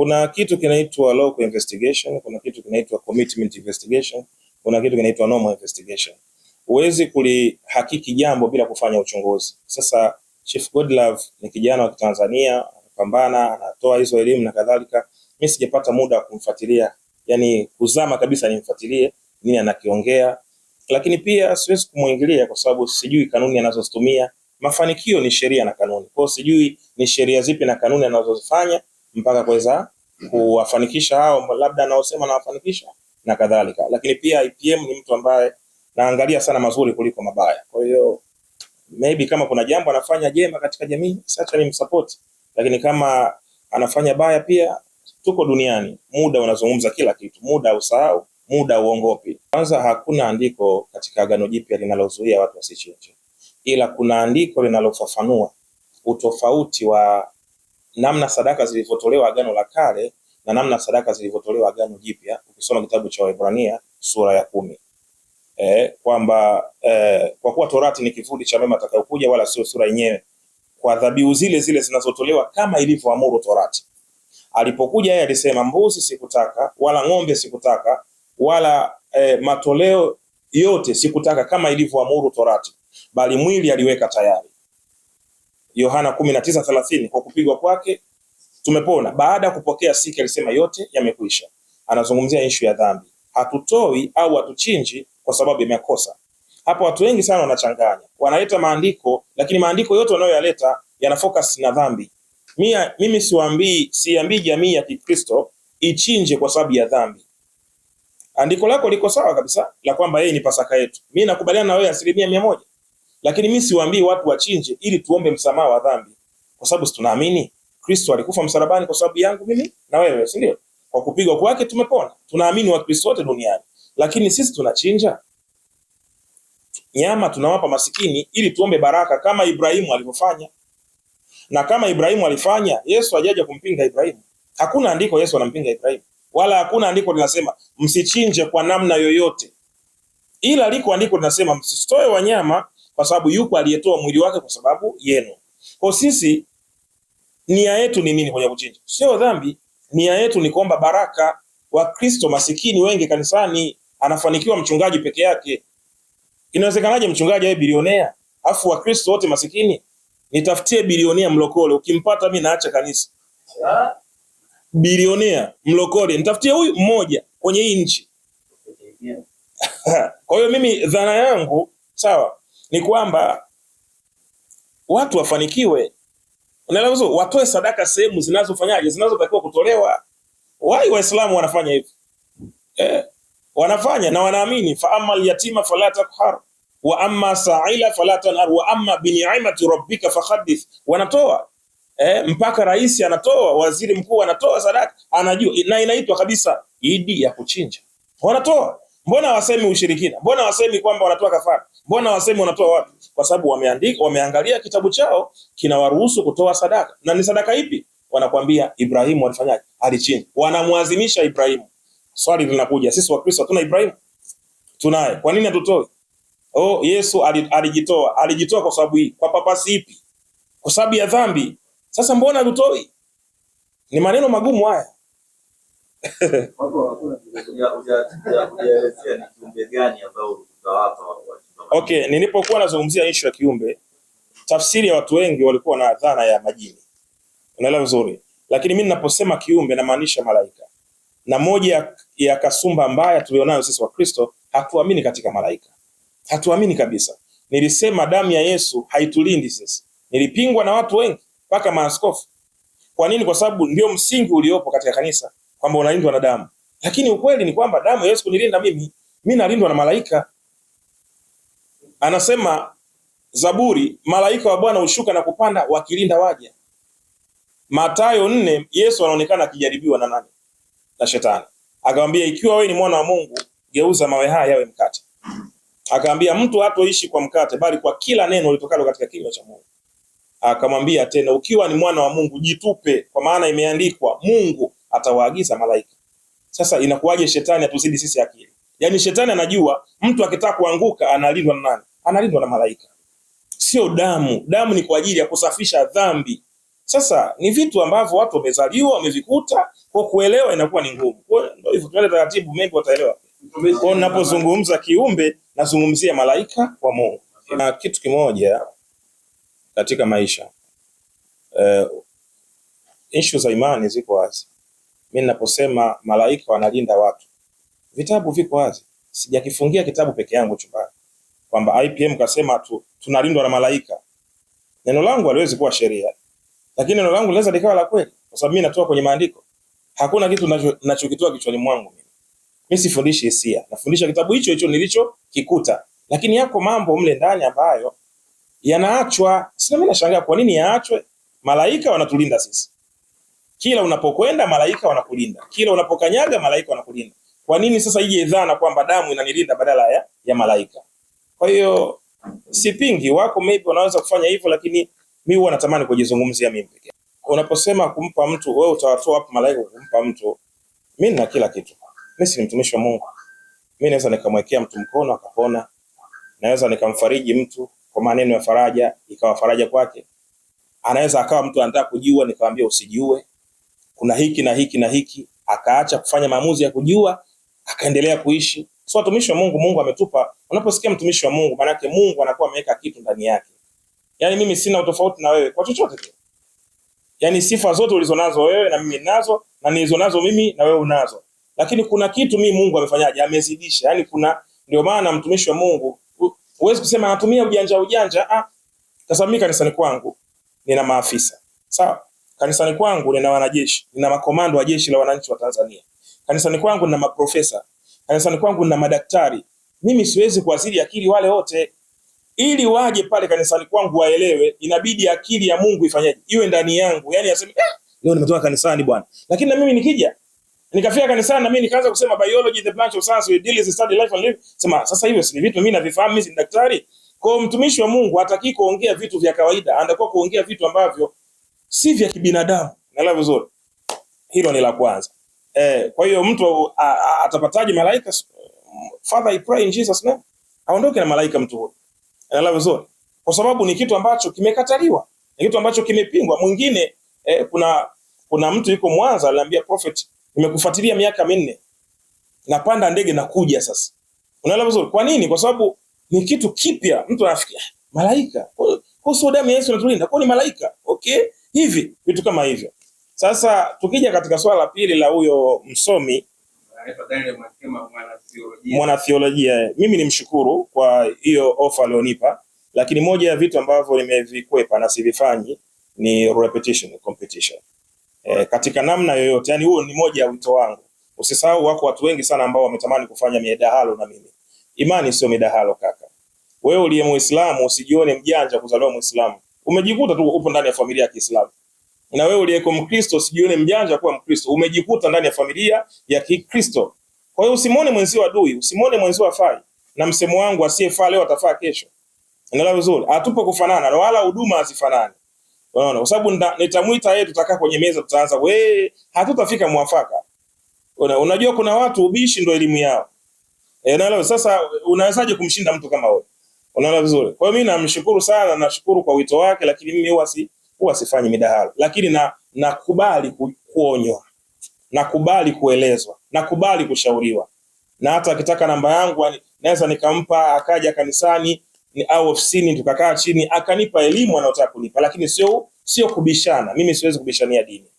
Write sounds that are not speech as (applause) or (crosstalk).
Kuna kitu kinaitwa local investigation, kuna kitu kinaitwa commitment investigation, kuna kitu kinaitwa normal investigation. Huwezi kulihakiki jambo bila kufanya uchunguzi. Sasa Chief Godlove ni kijana wa Kitanzania, anapambana, anatoa hizo elimu na kadhalika. Mimi sijapata muda wa kumfuatilia, yani kuzama kabisa nimfuatilie nini anakiongea, lakini pia siwezi kumwingilia kwa sababu sijui kanuni anazozitumia. Mafanikio ni sheria na kanuni, kwa sijui ni sheria zipi na kanuni anazozifanya mpaka kuweza kuwafanikisha hao labda anaosema nawafanikisha na kadhalika. Lakini pia IPM ni mtu ambaye naangalia sana mazuri kuliko mabaya. Kwa hiyo maybe kama kuna jambo anafanya jema katika jamii, sacha ni msupport, lakini kama anafanya baya pia, tuko duniani, muda unazungumza kila kitu, muda usahau, muda uongopi. Kwanza hakuna andiko katika Agano Jipya linalozuia watu wasichinje, ila kuna andiko linalofafanua utofauti wa namna sadaka zilivyotolewa Agano la Kale na namna sadaka zilivyotolewa Agano Jipya, ukisoma kitabu cha Waebrania sura ya kumi eh, kwamba eh, kwa kuwa Torati ni kivuli cha mema atakayokuja, wala sio sura yenyewe, kwa dhabihu zile zile zinazotolewa kama ilivyoamuru Torati. Alipokuja yeye alisema, mbuzi sikutaka, wala ng'ombe sikutaka, wala eh, matoleo yote sikutaka, kama ilivyoamuru Torati, bali mwili aliweka tayari. Yohana 19:30 kwa kupigwa kwake tumepona. Baada ya kupokea siki alisema yote yamekwisha. Anazungumzia issue ya dhambi, hatutoi au hatuchinji kwa sababu ya makosa. Hapo watu wengi sana wanachanganya, wanaleta maandiko, lakini maandiko yote wanayoyaleta yana focus na dhambi. Mia, mimi siwaambii siambii jamii ya Kikristo ichinje kwa sababu ya dhambi. Andiko lako liko sawa kabisa la kwamba yeye ni Pasaka yetu, mimi nakubaliana na wewe asilimia mia moja, lakini mimi siwaambii watu wachinje ili tuombe msamaha wa dhambi, kwa sababu tunaamini Kristo alikufa msalabani kwa sababu yangu mimi na wewe, si ndio? Kwa kupigwa kwake tumepona. Tunaamini Wakristo wote duniani, lakini sisi tunachinja nyama, tunawapa masikini ili tuombe baraka, kama Ibrahimu alivyofanya. Na kama Ibrahimu alifanya, Yesu hajaja kumpinga Ibrahimu. Hakuna andiko Yesu anampinga Ibrahimu, wala hakuna andiko linasema msichinje kwa namna yoyote, ila liko andiko linasema msitoe wanyama kwa sababu yuko aliyetoa mwili wake kwa sababu yenu. Kwa sisi nia yetu ni nini kwenye kuchinja? Sio dhambi, nia yetu ni kuomba baraka. Wakristo masikini wengi kanisani, anafanikiwa mchungaji peke yake. Inawezekanaje mchungaji awe bilionea afu Wakristo wote masikini? Nitafutie bilionea mlokole, ukimpata mimi naacha kanisa. Bilionea mlokole, nitafutie huyu mmoja kwenye hii nchi. (laughs) Kwa hiyo mimi dhana yangu sawa ni kwamba watu wafanikiwe, unaelewa watoe sadaka sehemu zinazofanyaje, zinazotakiwa kutolewa. Wai Waislamu wanafanya hivi eh, wanafanya na wanaamini, fa amma alyatima fala taqhar wa amma sa'ila fala tanar wa amma bi ni'mati rabbika fahaddith. Wanatoa eh, mpaka rais anatoa, waziri mkuu anatoa sadaka, anajua na inaitwa kabisa idi ya kuchinja, wanatoa. Mbona wasemi ushirikina? Mbona wasemi kwamba wanatoa kafara? Mbona wasemi wanatoa wapi? Kwa sababu wameandika, wameangalia kitabu chao kinawaruhusu kutoa sadaka. Na ni sadaka ipi? Wanakwambia Ibrahimu alifanyaje? Alichinja. Wanamwazimisha Ibrahimu. Swali linakuja, sisi Wakristo hatuna Ibrahimu? Tunaye. Kwa nini hatutoe? Oh, Yesu alijitoa. Alijitoa kwa sababu hii. Kwa papasi ipi? Kwa sababu ya dhambi. Sasa mbona hatutoi? Ni maneno magumu haya. Okay, nilipokuwa nazungumzia issue ya kiumbe, tafsiri ya watu wengi walikuwa na dhana ya majini, unaelewa vizuri, lakini mimi ninaposema kiumbe namaanisha malaika, na moja ya kasumba mbaya tulionayo sisi wa Kristo, hatuamini katika malaika, hatuamini kabisa. Nilisema damu ya Yesu haitulindi sisi, nilipingwa na watu wengi mpaka maaskofu. Kwa nini? Kwa sababu ndio msingi uliopo katika kanisa kwamba unalindwa na damu, lakini ukweli ni kwamba damu ya Yesu kunilinda mimi, mimi nalindwa na malaika anasema Zaburi, malaika wa Bwana hushuka na kupanda wakilinda waja. Mathayo nne, Yesu anaonekana akijaribiwa na nani? Na Shetani. Akamwambia, ikiwa wewe ni mwana wa Mungu, geuza mawe haya yawe mkate. Akamwambia, mtu hatoishi kwa mkate, bali kwa kila neno litokalo katika kinywa cha Mungu. Akamwambia tena, ukiwa ni mwana wa Mungu, jitupe, kwa maana imeandikwa, Mungu atawaagiza malaika. Sasa inakuwaje shetani atuzidi sisi akili? Yaani shetani anajua mtu akitaka kuanguka analindwa na nani? analindwa na malaika, sio damu. Damu ni kwa ajili ya kusafisha dhambi. Sasa ni vitu ambavyo watu wamezaliwa wamevikuta, kwa kuelewa inakuwa ni ngumu. Ndio hivyo, tuende taratibu, mengi wataelewa. Kwa ninapozungumza kiumbe, nazungumzia malaika wa Mungu. Na kitu kimoja katika maisha uh, ishu za imani ziko wazi. Mimi ninaposema malaika wanalinda watu, vitabu viko wazi, sijakifungia kitabu peke yangu chumbani kwamba IPM kasema tu, tunalindwa na malaika. Neno langu haliwezi kuwa sheria, lakini neno langu linaweza likawa la kweli, kwa sababu mimi natoa kwenye maandiko. Hakuna kitu ninachokitoa kichwani mwangu mimi. Mimi sifundishi hisia, nafundisha kitabu hicho hicho nilicho kikuta, lakini yako mambo mle ndani ambayo yanaachwa. Sina mimi nashangaa kwa nini yaachwe? Malaika wanatulinda sisi, kila unapokwenda malaika wanakulinda, kila unapokanyaga malaika wanakulinda. Kwa nini sasa ije dhana kwamba damu inanilinda badala ya, ya malaika? Kwa hiyo sipingi, wako maybe wanaweza kufanya hivyo, lakini mi huwa natamani kujizungumzia mimi pekee. Unaposema kumpa mtu, wewe utawatoa wapi malaika kumpa mtu? Mi nina kila kitu, mi si mtumishi wa Mungu. Mi naweza nikamwekea mtu mkono akapona, naweza nikamfariji mtu kwa maneno ya faraja ikawa faraja kwake, anaweza akawa mtu anataka kujiua, nikamwambia usijiue, kuna hiki na hiki na hiki, akaacha kufanya maamuzi ya kujiua, akaendelea kuishi. So watumishi wa Mungu, Mungu ametupa. Unaposikia mtumishi wa Mungu, maana yake Mungu anakuwa ameweka kitu ndani yake. Yaani mimi sina utofauti na wewe kwa chochote kile. Yaani sifa zote ulizonazo wewe na mimi nazo na nilizonazo mimi na wewe unazo. Lakini kuna kitu mimi Mungu amefanyaje? Amezidisha. Yaani kuna ndio maana mtumishi wa Mungu huwezi kusema anatumia ujanja ujanja. Ah, sasa mimi kanisani kwangu nina maafisa. Sawa? Kanisani kwangu nina wanajeshi, nina makomando wa jeshi la wananchi wa Tanzania. Kanisani kwangu nina maprofesa Kanisani kwangu na madaktari, mimi siwezi kuwasili akili wale wote. Ili waje pale kanisani kwangu waelewe, inabidi akili ya Mungu ifanyaje, iwe ndani yangu, yani aseme eh, leo nimetoka kanisani bwana. Lakini na mimi nikija nikafika kanisani na mimi nikaanza kusema biology the branch of science we deal is study life and live, sema sasa hivyo si vitu mimi navifahamu, mimi si daktari. Kwa mtumishi wa Mungu hataki kuongea vitu vya kawaida, anataka kuongea vitu ambavyo si vya kibinadamu. Naelewa vizuri, hilo ni la kwanza. Eh, kwa hiyo mtu atapataje malaika? Father, I pray in Jesus name. Aondoke na malaika mtu huyo. Anaelewa vizuri. Kwa sababu ni kitu ambacho kimekataliwa. Ni kitu ambacho kimepingwa. Mwingine eh, kuna kuna mtu yuko Mwanza aliambia prophet, nimekufuatilia miaka minne. Napanda ndege na kuja sasa. Unaelewa vizuri? Kwa nini? Kwa sababu ni kitu kipya. Mtu anafikia ah, malaika. Kwa kwa damu ya Yesu inatulinda. Kwa ni malaika. Okay? Hivi vitu kama hivyo. Sasa tukija katika swala la pili la huyo msomi mwanathiolojia, eh, mimi ni mshukuru kwa hiyo ofa alionipa, lakini moja ya vitu ambavyo nimevikwepa na sivifanyi ni repetition competition. E, katika namna yoyote, yani huo ni moja ya wito wangu. Usisahau wako watu wengi sana ambao wametamani kufanya midahalo na mimi. Imani sio midahalo kaka. Wewe uliye Muislamu usijione mjanja kuzaliwa Muislamu. Umejikuta tu upo ndani ya familia ya Kiislamu na wewe uliyeko Mkristo usijione mjanja kuwa Mkristo, umejikuta ndani ya familia ya Kikristo. Kwa hiyo usimwone mwenzio adui, usimwone mwenzio afai, na msemo wangu asiyefaa leo atafaa kesho. Endelea vizuri? Hatupo kufanana na wala huduma hazifanani. Unaona? Kwa sababu nitamuita yeye, tutakaa kwenye meza, tutaanza we, hatutafika mwafaka. Una, unajua kuna watu ubishi ndio elimu yao. E, unaelewa sasa, unawezaje kumshinda mtu kama wewe? Unaelewa vizuri? Kwa hiyo mimi namshukuru sana, nashukuru kwa wito wake, lakini mimi huwa si huwa sifanyi midahalo, lakini na nakubali kuonywa, nakubali kuelezwa, nakubali kushauriwa, na hata akitaka namba yangu naweza nikampa, akaja kanisani ni au ofisini tukakaa chini akanipa elimu anayotaka kunipa, lakini sio sio kubishana. Mimi siwezi kubishania dini.